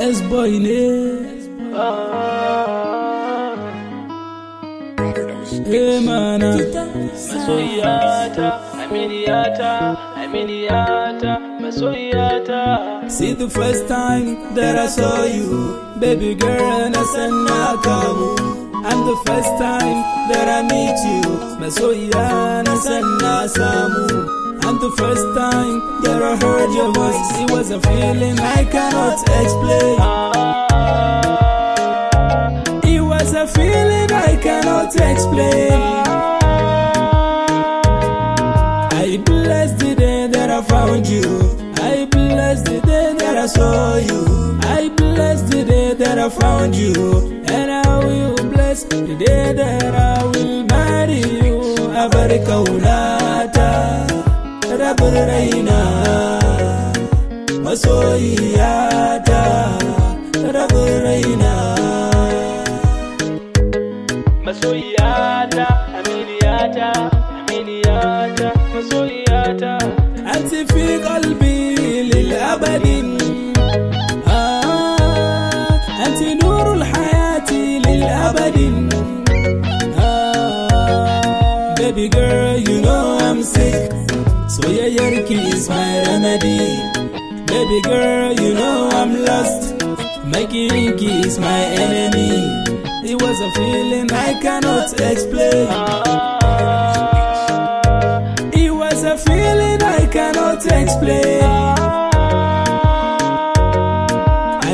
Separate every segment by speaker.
Speaker 1: Es boine
Speaker 2: Emana
Speaker 1: See the first time that I saw you Baby girl and I Nasana Kamu And the first time that I meet you and Masoyana Sana Samu And the first time that I heard your voice It was a feeling I cannot explain It was a feeling I cannot explain I bless the day that I found you I bless the day that I saw you I bless the day that I found you And I will bless the day that I will marry you أبارك أولادك bar raina masoyiya ta
Speaker 2: rabin raina
Speaker 1: masoyiya ta
Speaker 2: aminiya ta aminiya
Speaker 1: ta masoyiya ta anti fi qalbi lil abadin أنت نور الحياة للأبد Baby girl, you know I'm sick Soyayyar ki is my remedy Baby girl, you know I'm lost Making ki is my enemy It was a feeling I cannot explain It was a feeling I cannot explain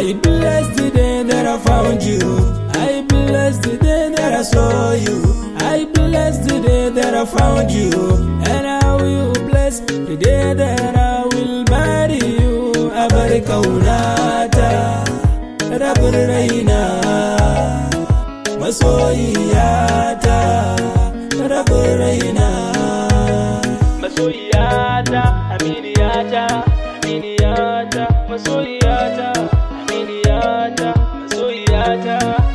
Speaker 1: I blessed the day that I found you I blessed the day that I saw you I blessed the day that I found you And I will bless yes together I will marry you abar kaunata rabin raina
Speaker 2: masoyiyata rabin raina masoyiyata yata aminiyata masoyiyata aminiyata masoyiyata